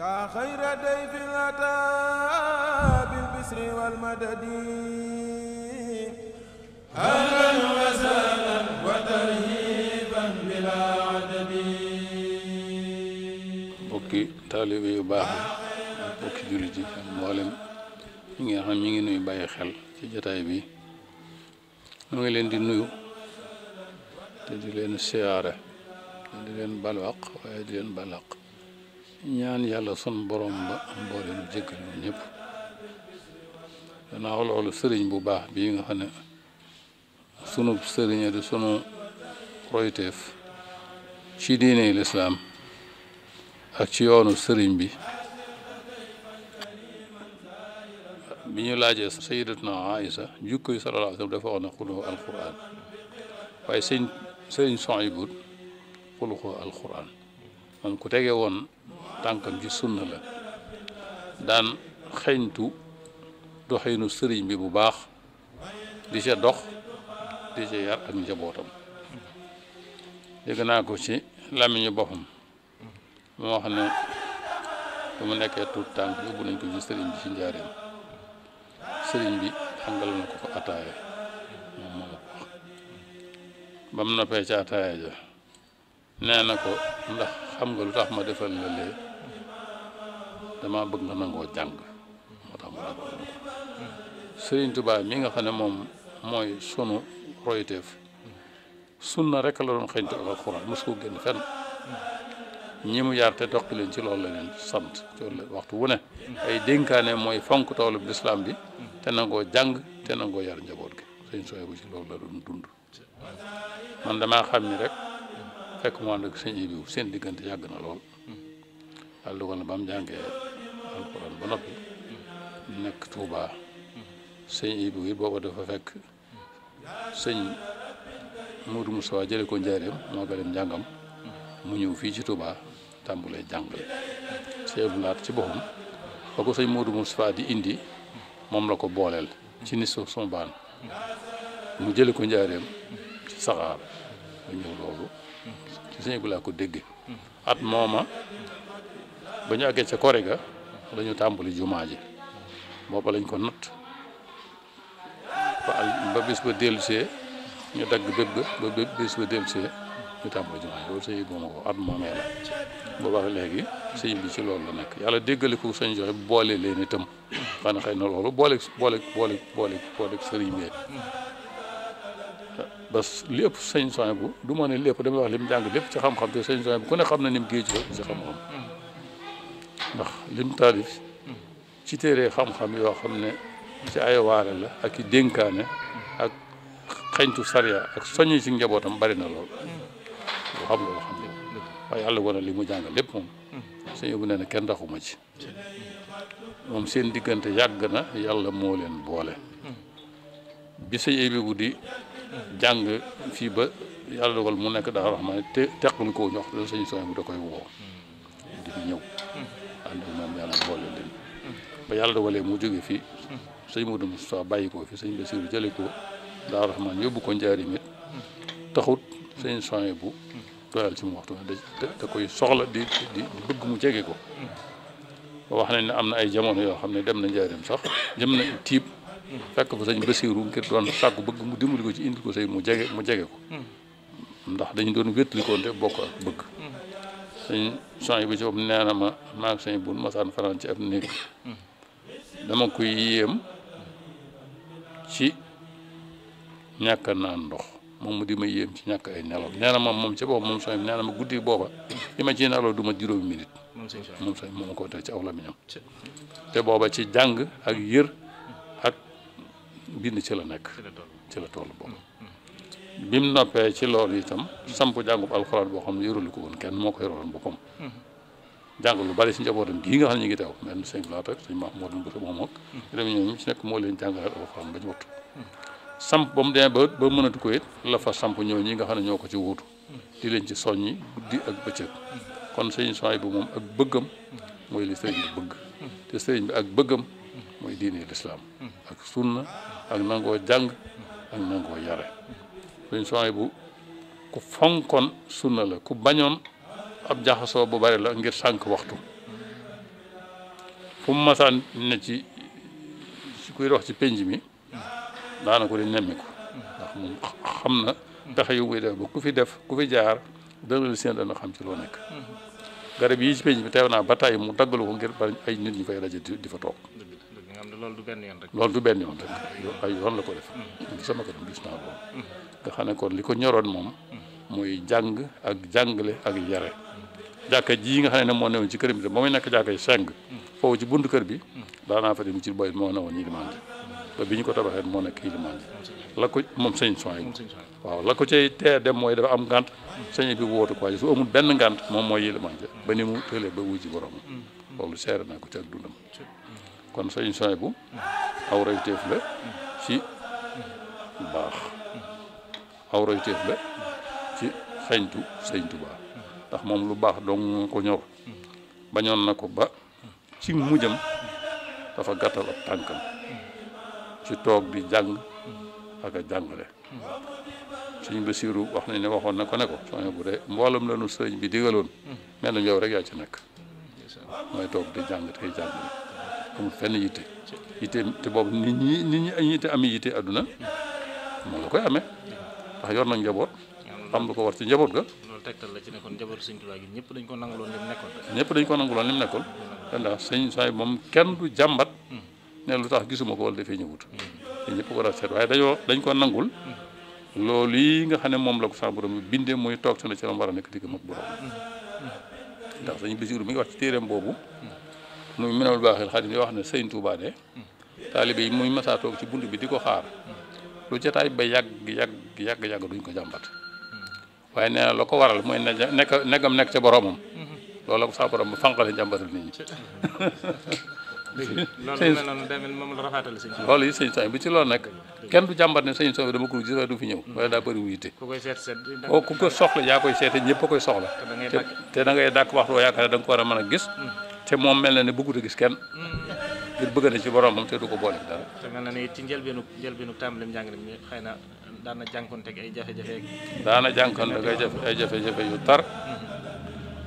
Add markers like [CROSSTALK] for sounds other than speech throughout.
يا خير ضيف أتى بالبشر والمدد أهلا وسهلا وترهيبا بلا عدد mbokki taalibe yu baax yi mbokki jullit yi ak mboolem ñi nga xam ñi ngi nuy bàyyi xel ci jataay bi ñu ngi leen di nuyu te di leen siyaare te di leen balwaq waaye di leen balaq ñaan yàlla sun borom ba mboole nu jéggal ñun ñëpp danaa loolu sëriñ bu baax bii nga xam ne sunu sëriñ di sunu royteef ci diine lislaam ak ci yoonu sëriñ bi bi ñu laajee sayidatuna Aïsa jukko yu sallallahu alayhi wa dafa wax ne xuluxu alquran waaye sëñ sëriñ son yi bul xuluxu alquran moom ku tege woon tànkam ci sunna la daan xeñtu doxeenu sëriñ bi bu baax di ca dox di ca yar ak njabootam dégg naa ko ci làmmiñu boppam moo xam ne bu mu nekkee tuut tànk yóbbu nañ ko ci sëriñ bi ci njaareem sëriñ bi tàngal na ko ko ataaya moom moo ca ataaya ja nee na ko ndax xam nga lu tax ma defal la lee damaa bëgg nga nangoo jàng moo tax mu laaj ko Sëriñ mi nga xam ne moom mooy sunu royteef sunna rek la doon xëñtu ak alxuraan mos ko génn fenn ñi mu yar te doqi leen ci lool la leen sant la waxtu wu ne ay dénkaane mooy fonk toolu lislaam bi te nangoo jàng te nangoo yar njaboot gi sëñ sooy bu ci loolu la doon dund man damaa xam ni rek fekk mu ànd ak sëñ bi seen diggante yàgg na lool yàlla dogal na ba mu jàngee alxuraan ba noppi nekk Touba sëñ Ibu yi booba dafa fekk sëñ Mourou Moussa jële ko njaareem moo ko dem njàngam mu ñëw fii ci Touba tàmbulee jàngale bu laat ci boppam ba ko sëñ Mourou Moussa di indi moom la ko booleel ci ni so son baan mu jële ko njaareem ci saxaar mu ñëw loolu ci sëñ laa ko dégg at mooma ba ñu àggee ca kore ga lañu ñu tàmbali jumaa ji booba lañ ko natt ba ba bis ba dellusee ñu dagg dëgg ba bis ba dellusee ñu tàmbali jumaa ji loolu sëñ bi moom ko at moomee la boobaa léegi sëñ bi ci loolu la nekk yàlla déggale ko sëñ joxe boole leen itam xanaa xëy na loolu boole boole boole boole boole sëriñ bi bas lépp sëñ soin bu du ma ne lépp damay wax li mu jàng lépp ci xam-xam te sëñ soin bu ku ne xam na ni mu géej ci xam-xam ndax lim taalif ci téere xam-xam yoo xam ne ci ay waare la ak i dénkaane ak xeñtu sariya ak soññi ci njabootam bari na lool xam loolu xam ne waaye yàlla wane li mu jàngal lépp moom sëñ bu nee kenn raxuma ci moom seen diggante yàgg na yàlla moo leen boole bi sëñ ay bu di jàng fii ba yàlla dogal mu nekk daal raxmaan te teqlu ko ñox sëñ sooy bu da koy woo di ñëw ànd ak moom yàlla boole leen mu jóge fii sëñ Modou Moustapha bàyyi ko fi sëñ Bassirou jële ko Daaru ko njaarim it taxut sëñ soné bu doyal ci mu mu jege ko wax nañ ne am na ay jamono yoo xam ne dem na njaarim sax jëm na tiib fekk fa sëñ Bassirou ngir doon sàkku bëgg mu dimbali ko ci indi ko sëy mu jege mu jege ko ndax dañu doon wétali te bokk ak bëgg sëñ Chouaïbou Diop nee na ma maag sëñ bun san faran ci ab néeg dama koy yem ci ñàkk naan ndox moom mu di ma yem ci ñàkk ay nelaw nee ma moom moom ci bopp moom Chouaïbou nee na ma guddi booba li ma ciy nelaw du ma juróomi minute moom Chouaïbou moom ko teg ci aw lamiñam te booba ci jàng ak bin ak bind ci la nekk ci la toll booba bi mu noppee ci loolu itam samp jàngub alxuraan boo xam ne yorul ko woon kenn moo ko yoroon boppam. Hmm. jàng lu bari si njabootam gii nga xam ne ñu ngi teew mel ni sëñ Laat ak sëñ Mahmoud Mbouté moom ak. Hmm. nekk moo leen jàngalaat alxuraan ba ci wattu. Hmm. samp ba mu demee ba ba mënatu ko la fa samp ñoo ñi nga xam ne ñoo ko ci wuutu. di leen ci soññi guddi ak bëccëg. kon sëñ soñ bu moom ak bëggam. mooy li sëriñ bi bëgg. te sëriñ bi ak bëggam. mooy diine lislaam ak sunna ak nangoo jàng ak nangoo yare. suñ bu ku fonkoon sunna la ku bañoon ab jaxasoo bu bare la ngir sànq waxtu fu mu masaan ne ci kuy dox ci penj mi daana ko di nemmiku ndax moom xam na pexe yu muy def ba ku fi def ku fi jaar dana lu seen dana xam ci loo nekk garab yii ci penj mi teew naa ba tàyyi mu daggalu ko ngir bari ay nit ñu koy daje di fa toog loolu du benn yoon rek ay yoon la ko def sama kanam gis naa loolu mm-hmm. nga xam ne kon li ko ñoroon moom muy jàng ak jàngale ak yare jàkka ji nga xam ne moo newoon ci kër bi de ba muy nekk jàkka yi seng foofu ci buntu kër bi daanaa fa dem ci boy moo newoon yilimaan ji ba bi ñu ko tabaxee moo nekk yilimaan ji moom sëñ soin yi waaw la ko cay tee dem mooy dafa am ngànt sëñ bi wootu ko waaye su amul benn ngànt moom mooy yilimaan ba ni mu tëlee ba wuy ci borom loolu seere naa ko ci ak dundam kon sëñ soin bu aw rewteef la ci baax aw royteef la ci xeeñtu sëñ Tuubaa ndax moom lu baax dong ko ñor bañoon na ko ba ci mujjam dafa gàttal ab tànkam ci toog bi jàng ak a jàngale sëñ Basiiru wax nañ ne waxoon na ko ne ko soo bu dee mboolam la nu sëñ bi digaloon mel na yow rek yaa ci nekk mooy toog di jàng tey jàngale amul fenn yitte yitte te boobu nit ñi nit ñi ay yitte am àdduna moo la koy amee ndax yor nañ njaboot am lu ko war ci njaboot ga loolu tegtal la ci ne kon njaboot sëñ gi ñëpp dañ ko nanguloon lim nekkoon ñepp dañ ko nanguloon lim nekkoon ndax sëñ saay moom kenn du jàmbat ne lu tax gisuma ko wala dafay ñëwut te ñëpp war a seet dañ ko nangul loolu yi nga xane mom la ko sax borom bi moy tok ci na ci lam war nek nekk ak borom ndax dañu Basiru mi wax ci terem bobu muy minawul baxil xadim yi wax ne sëñ touba de talibi muy massa tok ci bunt bi diko xaar lu tay ba yag yag yag yag duñ ko jambat waye neena lako waral mooy nek nekkam nekk ca boromam loolu saa borom bu fanqale jàmbatal nit ñi loolu yi sëñ sooy ci loolu nag kenn du jàmbat ne sëñ sooy dama ko gis du fi ñëw wala daa bëri wuyite oo oh, ku ko soxla yaa koy seete ñëpp koy soxla te da ngay da nga ko gis mm. te moom mel ne gis kenn mm ngir bëgg na ci boromam te du ko dara te mel na ni ci njëlbeenu njëlbeenu mi na daana jànkonte ak ay jafe-jafe daana jànkonte ak ay jafe ay jafe-jafe yu tar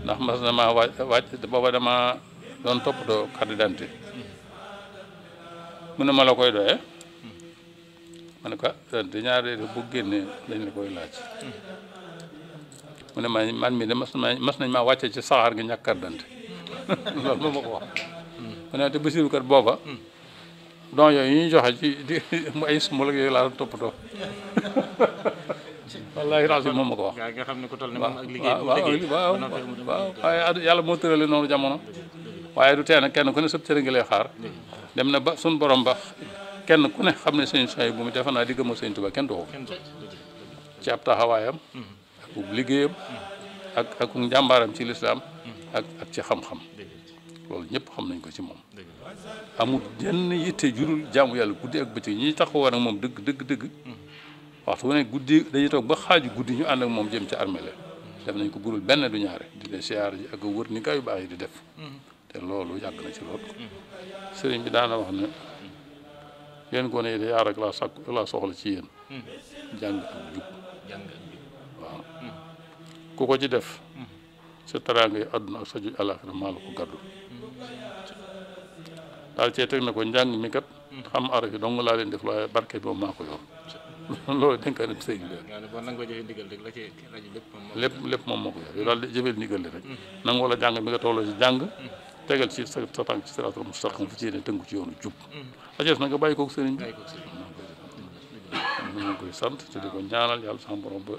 ndax mas na maa wàcc wàcc booba dama doon toppatoo carte d'identité mu ne ma la koy ne ko di ñaari bu génnee dañ la koy laaj mu ne man mi mas mas nañ maa wàccee ci sahar gi ñàkk d'identité [LAUGHS] ko wax mu ne te booba hmm. don yooyu ñuy joxe ci di mu [LAUGHS] ay sumbal ak yooyu laa doon toppatoo [LAUGHS] wallaahi rasul moom ma ko wax. xam ne ku toll ne waaye yàlla moo tëralee noonu jamono waaye du tee nag kenn ku ne sëb cër lay xaar hmm. dem na ba suñ borom ba kenn ku ne xam ne sëñ soy bu mu defe naa digg ma sëñ Tuubaa kenn doxu ci ab taxawaayam hmm. ak liggéeyam ak ak njàmbaaram ci lislaam ak ak ci xam-xam loolu ñëpp xam nañ ko ci moom amul jenn yitte jurul jaamu yàlla guddi ak bëccëg ñi taxawoo nag moom dëgg dëgg dëgg mm-hmm. waxtu wu ne guddi dañuy toog ba xaaju guddi ñu ànd ak moom jëm ci armée la mm-hmm. def nañ ko burul benn du ñaare di leen ak wër ni gaa yu di def mm-hmm. te loolu ci lool sëriñ bi daana yi de yaar ak laa sàkku soxla ci yéen jàng ak jub waaw ku ko ci def sa taraanga yi àdduna ak sa juj àllaaxira maa la ko gàddu daal cee teg na ko njàng mi kat xam araf yi dong laa leen def waaye barke bi moom maa ko yor loolu dénkaa ne sëñ bi lépp lépp moom moo ko yor yow daal jëfeel ndigal li rek nanga wala jàng mi nga tolloo si jàng tegal ci sa sa tànk ci siraatal mustaqiim fi ci yéene tënku ci yoonu jub ajees na nga bàyyi koog sëriñ bi ñu ngi koy sant te di ko ñaanal yàlla sama ba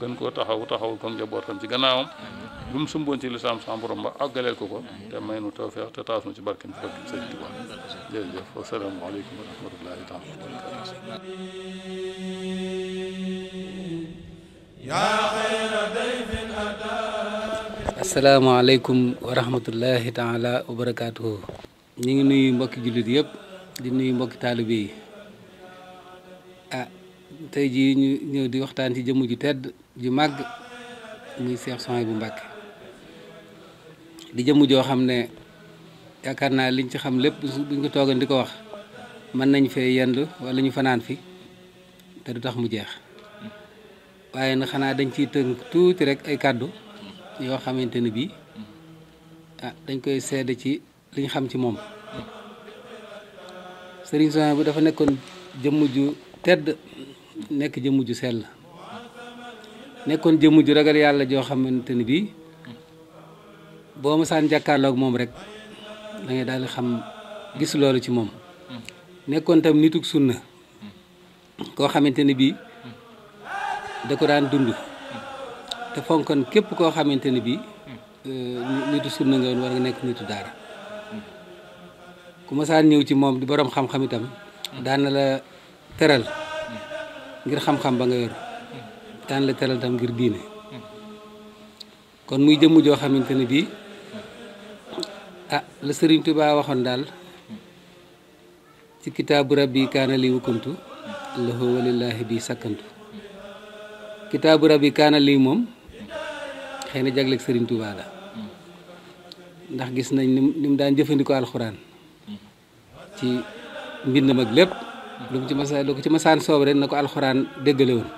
gën koo taxaw taxaw comme njabootam ci gannaawam lu mu sumboon ci lislaam sa borom ba àggaleel ko ko te may nu tawfeex te taas nu ci barkeem ci barkeem sëñ Tuubaa jërëjëf wasalaamu aleykum wa rahmatullaahi taala wa barakaatuh asalaamaaleykum wa rahmatullaahi taala wa barakaatuhu ñu ngi nuyu mbokki jullit yëpp di nuyu mbokki taalibe yi tey jii ñu ñëw di waxtaan ci jëmm ju tedd ju màgg muy Cheikh bu Mbacké di jëmm joo xam ne yaakaar naa liñ ci xam lépp ñu ko toogan di ko wax mën nañ fee yendu wala ñu fanaan fi te du tax mu jeex waaye na xanaa dañ ciy tënk tuuti rek ay kàddu yoo xamante ne bii ah dañ koy sedd ci liñ xam ci moom Serigne Souhaïbou dafa nekkoon jëmm ju tedd Nek jëmm ju sel nekkon jëmm ju ragal yalla jo xamanteni bi bo mo san saan jàkkaarloog moom rek da ngay dal xam gis lolu ci mom nekkon tam nituk sunna ko xamanteni bi da ko daan dundu te fonkon kep ko xamanteni bi eh, nitu sunna nga war nga nek nitu dara kuma san ñew ci mom di borom xam-xam itam daan la teral ngir xam-xam ba nga yor tan la teral tam ngir diine kon muy jëm jo xamanteni bi ah le serigne touba waxon dal ci kitab rabbi kana li wukkantu lahu walillaahi bi sakantu kitab rabbi kana li mom xeyna na jagleeg Sëriñ Tuubaa la ndax gis nañ nim daan jëfëndiko alxuraan ci mbindam ak lepp lu ci ma lu ci masaan soob rek na ko alxuraan déggale woon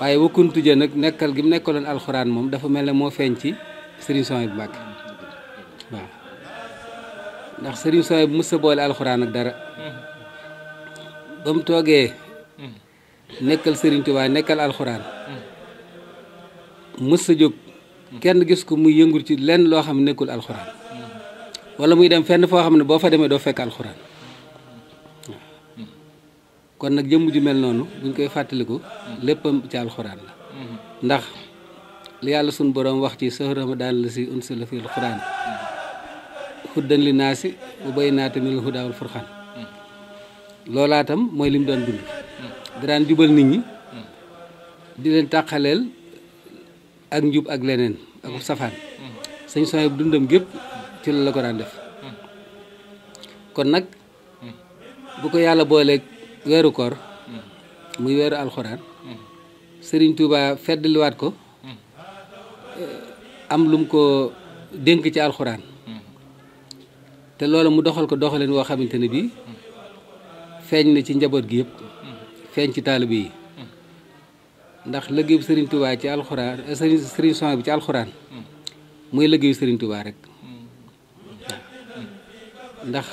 waaye wakkuntu ja nag nekkal gi mu nekkaloon alxuraan moom dafa mel ne moo feeñ ci sëriñ Sooy bu Mbàkke waaw ndax sëriñ Sooy ak dara ba mu toogee nekkal sëriñ Tuubaa nekkal kenn gis ko muy yëngul ci lenn loo xam nekkul alxuraan muy dem fenn foo xam ne boo fa demee doo fekk alxuraan kon nag jëmm ju mel noonu buñ koy fàttaliku léppam ci alxuraan la mhm. ndax li yàlla suñ boroom wax ci sahru ramadan la si unsila fi alxuraan huddan li naasi bu bay naata minal hudaa wal mhm. loolaatam mooy lim mu doon dund mhm. daan jubal nit ñi di leen tàqaleel ak njub ak leneen ak safaan sañ sooy bu dundam gépp ci loolu la ko daan def kon nag bu ko yàlla booleeg weeru koor muy weeru alxuraan sëriñ Touba feddliwaat ko eh, am lum ko dénk ci alxuraan te loolu mu doxal ko doxalin woo xamante ni bii feeñ na ci njaboot gi yëpp feeñ ci taalibe yi ndax liggéeyu sëriñ Touba ci alxuraan eh, sëriñ sëriñ bi ci alxuraan muy liggéeyu sëriñ Touba rek ndax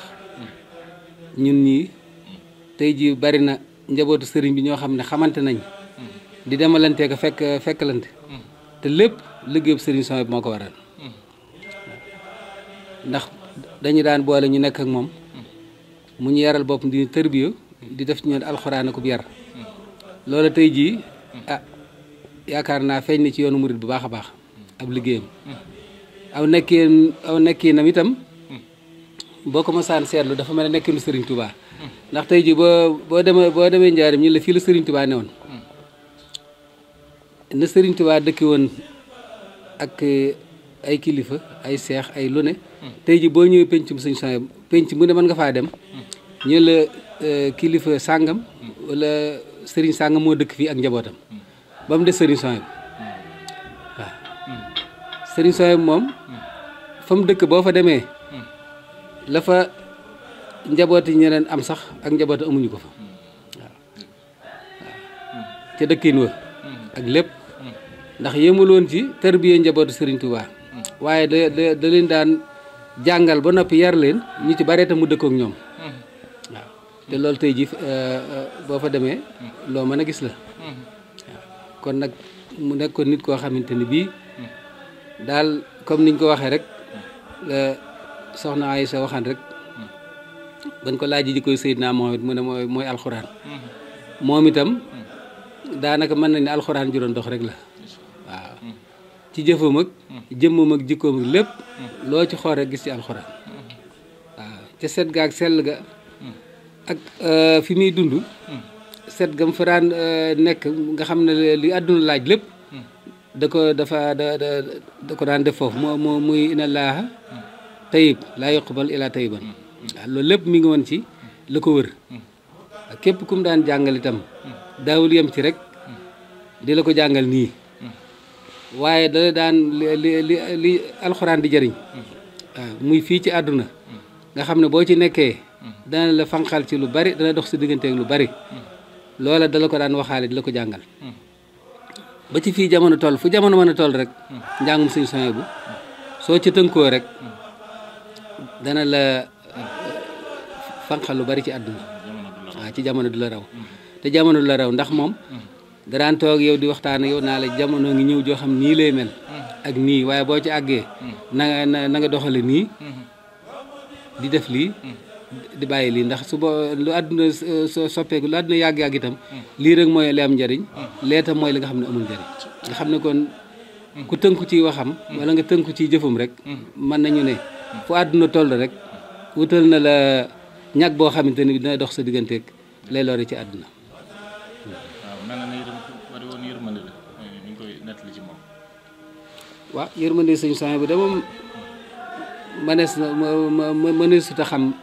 ñun ñi tey jii bari na njabootu sëriñ bi ñoo xam ne xamante nañ di demalante ko fekk fekkalante mm. te lépp liggéeyub sëriñ Souhaïbou bi moo ko waral mm. ndax dañu daan boole ñu nekk ak moom mm. mu ñu yaral boppam di tërbiya di def ci ñoon alxuraan ak yar loola tey jii ah yaakaar naa feeñ na ci yoonu murit bu baax a baax ab liggéeyam aw nekkee itam boo ko mosaan seetlu dafa mel nekk nekkinu Serigne Touba ndax tey ji boo boo demee boo demee njaarim ñu la fii la Serigne Touba ne woon na Serigne Touba dëkki woon ak eh, ay kilifa ay seex ay lu ne tey ji boo ñëwee pencum sëñ Souhaïbou penc mu ne mën nga faa dem ñu la eh, kilifa sàngam wala sëriñ sàngam moo dëkk fii ak njabootam ba mu des Serigne Souhaïbou waaw Serigne Souhaïbou moom fa mu dëkk boo fa demee la fa njabooti ñeneen am sax ak njabooti amuñu ko fa waaw ca dëkkin wa ak lépp ndax yëmuloon ci tërbiye njabooti sëriñ Tuubaa waaye da da leen daan jàngal ba noppi yar leen ñu ci bareeta mu dëkkook ñoom waaw te loolu tey ji euh, euh, boo fa demee loo mën a gis la waaw kon nag mu nekkoon nit koo xamante ni bii daal comme niñ ko waxee rek soxna Aysa waxaan rek bañ ko laaj ji koy Seydina Mohamed mu ne mooy mooy alxuraan moom itam daanaka mën nañ ne alxuraan ju doon dox rek la waaw ci jëfam ak jëmmam ak lépp loo ci xool rek gis ci alxuraan waaw ca set ga ak sell ga ak euh, fi muy dund set gam fa daan euh, nekk nga xam ne li àdduna laaj lépp da ko dafa da da ko daan def foofu moo moo muy ina laaxa tayib laa yuqbal ila tayiban waaw loolu lépp mu ngi woon ci la ko wër képp kum daan jàngal itam daawul yem ci rek di la ko jàngal nii waaye dala daan li li li alxuraan di jëriñ waaw muy fii ci àdduna nga xam ne boo ci nekkee dana la fanqal ci lu bari dana dox si digganteeg lu bari loola dala ko daan waxaale di la ko jàngal ba ci fii jamono toll fu jamono mën a toll rek njàngum suñu soñe bu soo ci tënkoo rek dana la uh, fanqal lu bari ci àdduna waaw ci jamono du la raw te jamono du la raw ndax moom mm-hmm. daraan toog yow di waxtaan ak yow naa la jamono ngi ñëw joo xam nii lay mel mm-hmm. ak nii waaye boo ci àggee mm-hmm. na na nga doxale nii di def lii di bàyyi lii ndax su boo lu àdduna uh, soppeeku lu àdduna yàgg-yàgg itam lii rek mooy li am njariñ lee mooy li nga xam ne amul njariñ nga xam ne kon ku tënku ci waxam wala nga tënku ci jëfam rek mën nañu ne fu àdduna toll rek wutal na la ñàkk boo xamante ni bi dina dox sa digganteeg lay lore ci àdduna. waaw mel na ni bari woon yërmande la eh, ñu koy nettali ci moom. waaw yërmande sëñ Souhaïbou de moom mënees na xam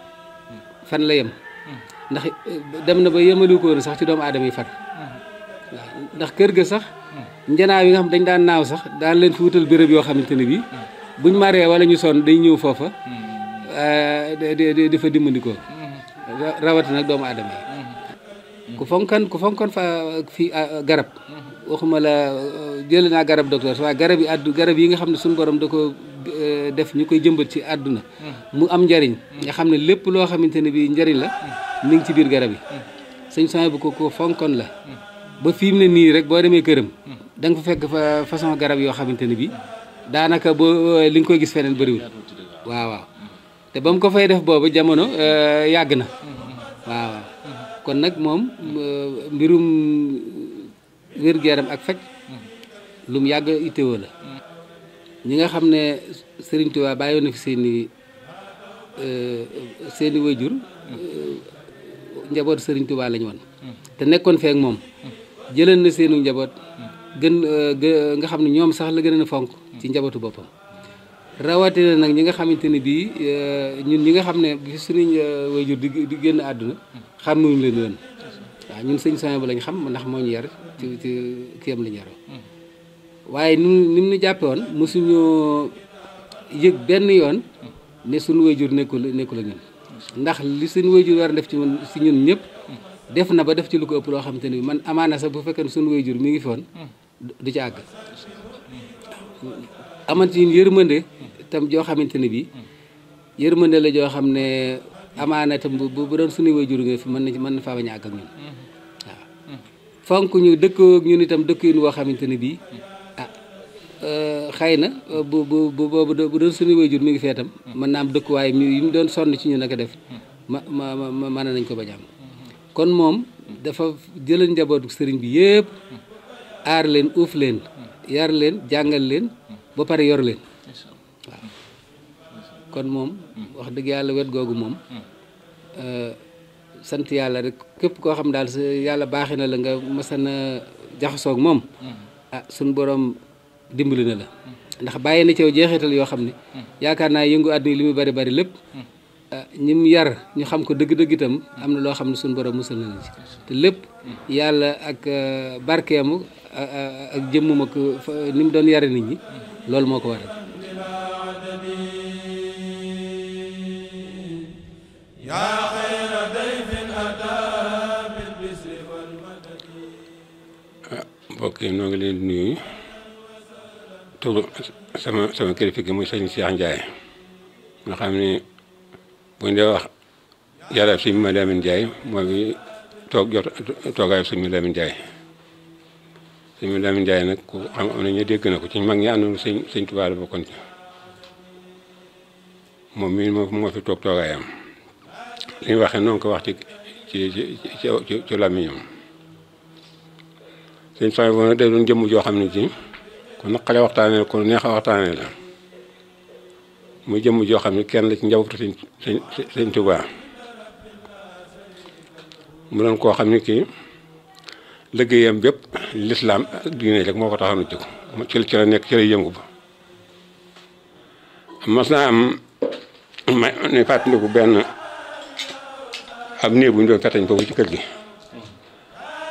fan la yem. ndax eh, dem na ba yemaliwu ko woon sax ci doomu aadama yi far. ndax kër ga sax. Hmm. njanaaw yi nga xam dañ daan naaw sax daan leen fi wutal bërëb yoo xamante ne bii. Hmm. buñ maree wala ñu sonn day ñëw foofa hmm. eh, di fa dimbandikoo hmm. rawati nag doomu aadama yi hmm. ku fonkan ku fonkan fa fii garab waxuma la eh, jël naa garab docteur garab yi garab yi nga xam ne suñ borom da ko eh, def ñu koy jëmbat ci àdduna mu am njariñ nga xam ne lépp loo xamante ne bi njariñ la mi ngi ci biir garab yi sëñ Sonia bu ko ko fonkoon la ba fi mu ne nii rek boo demee këram da fa fekk fa façon garab yoo xamante ne bi daanaka boo eh, li nga koy gis feneen bëriwul waaw waaw te ba mu ko fay def boobu jamono eh, yàgg na waaw kon nag moom eh, mbirum wér gu ak faj lum yàgg itteewoo la ñi nga xam ne Serigne Touba bàyyoon na fi seeni seeni wayjur njaboot Serigne Touba lañ woon te nekkoon feek moom jëlan na seenu njaboot gën nga xam ne ñoom sax la gën a fonk ci njabootu bopam rawatina nag ñi nga xamanteni bi e, ñun ñi nga xam bi suñu e, wayjur di genn aduna àdduna xamuñu leen woon waaw ñun señ sañ bu lañ xam ndax mo ñu yar ci ci kiyam lañ ñaro waye ñu nim ñu jappé won woon mosuñoo yëg benn yoon ne suñu wayjur nekkul nekkul ñun ndax li suñu wayjur war def ci ñun si ñun ñepp def na ba def ci lu ko ëpp lo xamanteni man amana sa bu fekkene suñu wayjur mi ngi fi woon du ci ag amante yin yërmande tam joo xamante ne bii yërmande la joo xam ne amaana tam bu bu doon suñuy way juru nga fi mën na na faa bañ a ak ñun mm-hmm. waaw fonk ñu dëkkoog ñun itam dëkk yu woo xamante ne bii mm-hmm. ah euh, xëy na bu bu bu boobu bu doon suñuy way jur mi ngi fee tam mm-hmm. mën naa am dëkkuwaay mi yi mu doon sonn ci ñu naka def ma ma ma mën nañ ko bañ a am kon moom dafa jëlal njabootu sëriñ bi yëpp aar leen uuf leen yar len jangal len ba pare yor len kon mom wax deug yalla wet mom euh sant yalla rek kep ko xam daal sa yàlla la nga masana jaxasoog mom ah sun borom dimbali na la ndax bàyyi na ceew bari bari lip, ah, ñim yar ñu xam ko deug deug itam amna lo xamni sun borom musal na ci te lepp yalla ak euh, barkemu ak jëmmam ak ni doon yare nit ñi loolu moo ko waral ah, mbokk yi noo ngi leen nuyu turu sama sama kilifa gi muy sëñ Cheikh Ndiaye nga xam ne buñ dee wax si mu Maam Lamin Ndiaye mooy toog jot toogaayu suñu Maam Lamin Ndiaye suñu Lamin Njaay nag ku am ne nañu dégg na ko ci mag ñi àndoon sëñ sëñ Tuubaa la bokkoon ci moom mii moo fi toog toogaayam li waxee noonu ko wax ci ci ci ci ci làmmiñam sëñ Sonia boobu nag day doon jëmm joo xam ne ci kon naqare waxtaanee ku neex a waxtaanee la muy jëmm joo xam ne kenn la ci njabootu sëñ sëñ Tuubaa mu doon koo xam ne kii. liggéeyam bépp lislaam diine rek moo ko taxaw na jóg ci ci la nekk ci la yëngu ba mas naa am ma ne fàttaliku benn am néeg bu ñu doon ko foofu ci kër gi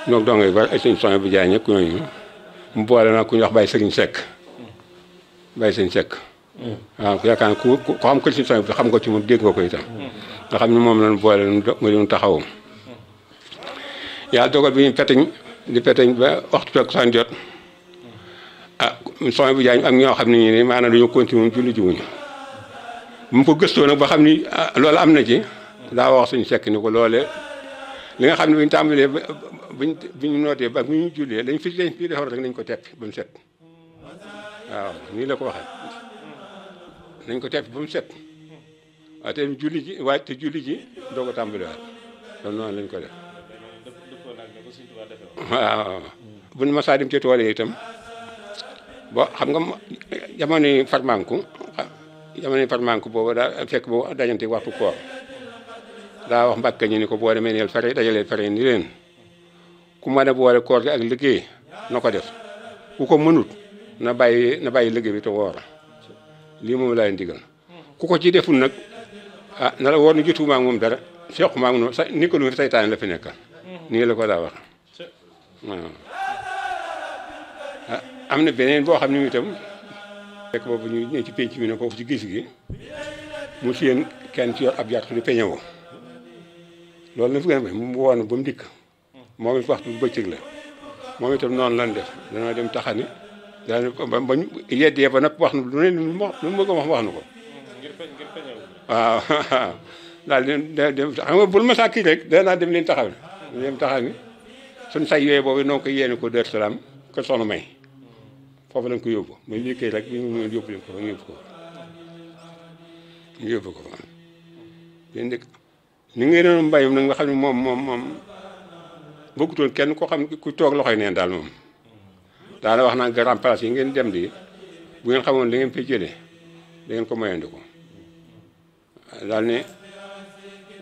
ñoo donge ba sëñ soxna bu jaay ñëpp ñooñu mu boole naa ku ñuy wax Baye Sëriñ Seck Baye Sëriñ Seck waaw yaakaar naa ku ko ci soxna bi xam nga ci moom dégg moom lañ boole mu ñu fetiñ di peteñ ba waxtu takkusaan jot ah soxna bu jaañ am ñoo xam ne ñu ne maanaam dañoo continué moom julli jiwuñu bu mu ko gëstoo nag ba xam ni ah, lool am na ci laa wax suñ sekk ni ko loole li nga xam ne bu ñu tàmbalee ba buñ bu ñu nootee ba bu ñu dañ fi dañ fi rek nañ ko teppi ba mu set waaw nii la ko waxee nañ ko teppi ba mu set waaye te julli ji waaye te julli ji doo ko tàmbaliwaat loolu lañ ko def waaw buñ masaa dem ci tool yi itam bo xam nga jamono far farmanku jamono far farmanku boobu daa fekk boobu dajante waxtu koor daa wax mbàkke ñi ni ko boo demee neel fare dajalee fare ni leen ku mën a boole koor gi ak liggéey na ko def ku ko mënut na bàyyi na bàyyi liggéey bi te lii moom laa leen ku ko ci deful nag ah na la woor ni jotumaa moom dara sequ maa ngi noonu sa ni ko lu fi saytaane la fi nekk mm-hmm. nii la ko daa wax waaw ah, am na beneen boo xam ne mu itam fekk boobu ñu ñëw ci penc mi ne foofu ci gis gi mu seen kenn ci yor ab jaatu di peñewoo loolu na fi gën a mu woon ba mu dikk moom it waxtu bu bëccëg la moom itam noonu lan def danaa dem taxani daal ba ba ñu yeddee ba nag wax na lu ne lu mu wax lu wax wax na ko. ngir peñ ngir peñewoo. waaw [LAUGHS] daal di dem xam nga bul ma sàkki rek danaa dem leen taxaw dem suñ say yooyu boobu noo ko yéene ko der Salaam ko soxna may foofu lañ ko yóbbu muy liggéey rek bi mu yóbbu leen ko fa ñu yóbbu ko ñu ko fa yéen dëkk ni ngeen doon mbéyum nag nga xam ne moom moom moom bëggutoon kenn koo xam ku toog loxoy neen daal moom daana wax naa grand place yi ngeen dem di bu ngeen xamoon li ngeen fay jëlee da ko mayandi ko ne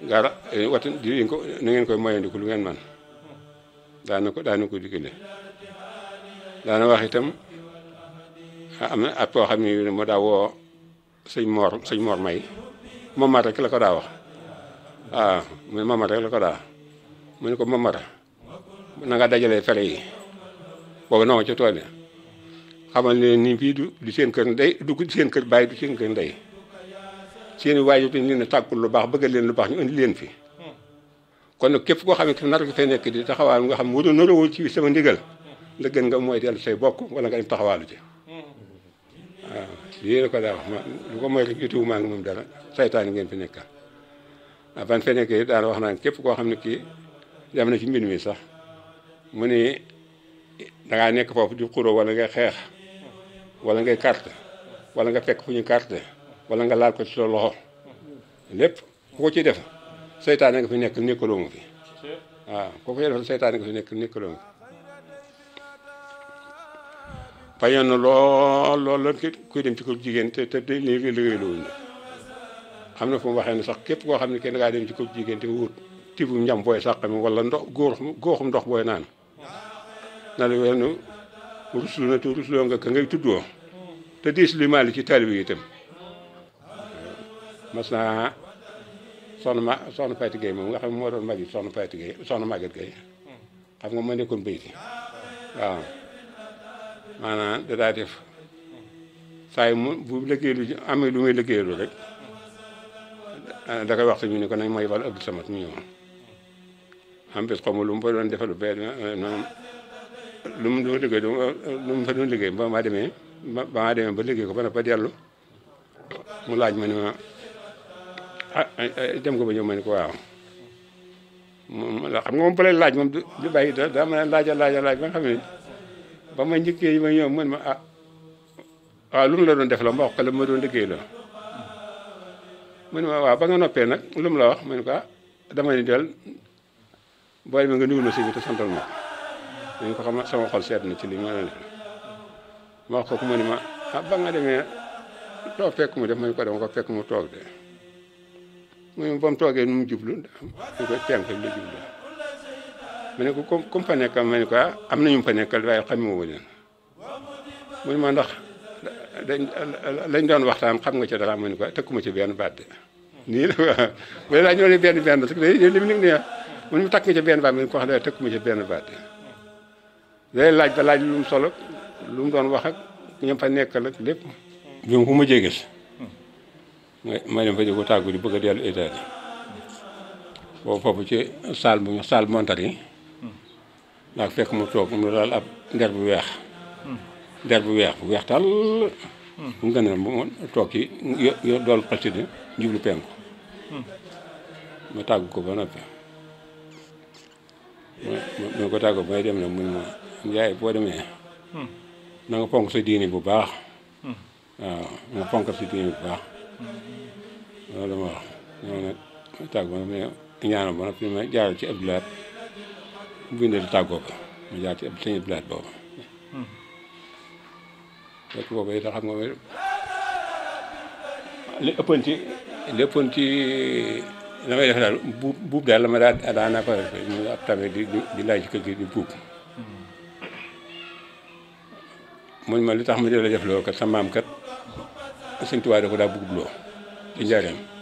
gara eh, wata di ko na ngeen koy mayandi ko lu ngeen man daana ko daana ko digle daana wax itam am na at boo xam ne mu daa woo sëñ Mor sëñ Mor may Mamar rek la ko daa wax waaw ah, mu ne Mamar rek la daa mu ne ko Mamar na nga dajalee fere yi boobu na ma ca tool xamal ne ni fii du du seen kër ndey du seen kër bàyyi du seen kër ndey seen i waajur dañ leen a tàggul lu baax bëggal leen lu baax ñu indi leen fi kon nag képp koo xam ne nar nga fay nekk di taxawaal nga xam waru narawul ci sama ndigal la gën nga mooy dellu say bokk wala nga dem taxawaalu ci waaw lii ko daa wax ma lu ko mooy rek maa ngi moom dara saytaan ngeen fi nekkal waaw ban wax naan képp koo xam ne kii dem na ci mbir mi sax mu ne dangaa nekk foofu di xuro wala nga xeex wala ngay carte wala nga fekk fu ñu carte wala nga laal ko ci sa loxo lépp ku ko ci def seytaane nga fi nekk nekkaloo ma fi waaw kooku yéen dafa seytaane nga fi nekk nekkaloo ma fi fayoon na lool lool lool kuy dem ci ko jigéen te te léegi liggéeylu wuñ xam na fu mu sax képp koo xam ne kenn ngaa ci ko jigéen te wut tibu booy sàq mi wala ndox ndox booy naan na la wenn ruslu na tu nga ka tuddoo te diis li maali ci taalibe yi itam mas soxna ma soxna Fatou Gueye moom nga xam ne moo doon magi soxna Fatou Gueye mag Maguette Gueye xam nga ma nekkoon béy saa mu bu liggéey lu muy liggéeylu rek da wax te ñu ne ko nañ ma yebal Abdou Samad mu ñëw am lu mu fa doon defal ba maanaam lu mu doon liggéey lu fa doon liggéey ba maa demee ba maa demee ba liggéey ko ba na fa dellu mu laaj ma Ah, ah, ah dem ko ba ñëw ma ne ko waaw moom la xam nga moom bu laaj moom du du bàyyi dara daa mën a laaj a laaj a laaj ba nga xam ba ma njëkkee ma ñëw man ma ah waaw la doon def la ma wax ko la ma doon liggéey la ma waaw ba nga noppee nag lu la wax ma ne ko ah dama ne del booy bi nga nuyu ma si te santal ma ko xam sama xol ci li ma la def ma wax ma ah, ba nga demee doo fekk mu def ma ne ko dama ko fekk mu toog de mu ne toogee nu mu jublu mu ko penk la jublu ma ne ko comme comme fa nekkal ma ne ko ah, am na ñu fa nekkal waaye xamewu leen mu ndax dañ lañ doon waxtaan xam nga ca dara ma ne ko ah, tëkkuma ci benn baat de nii la laa ñoo benn benn parce ah. que takk nga benn baat ma ko wax dëgg tëkkuma ci benn baat de laaj laaj lu mu solo lu mu doon wax ak ñoom fa nekkal lépp. ñoom fu ma jéggi may dem fa di ko tàggu di bëgg a dellu Italie boobu foofu ci saal bu ñu saal montar yi ndax fekk mu toog mu daal ab der bu weex der bu weex bu weex tal bu mu gën a mu toog ci yo dool xasida ko ba noppi ma ko tàggu may dem na mun ma njaay boo demee na nga fonk diini bu baax waaw nga fonk sa diini bu baax loolu dama wax ñoo nag ma tàggoo nag ma ñaanal ma nag ma jaaral ci Abdou Lahad mu bindal tàggoo ko ma jaar ci sëñ Abdou Lahad boobu fekk boobu it xam li ëppoon ci li ëppoon ci la may def daal buub buub daal la ma daa daanaa ko def ab tamit di di di buub hmm. muñ ma li tax ma di la def loolu kat sa maam kat sëñ Tuubaa da ko daa bëgg loo ci njaareem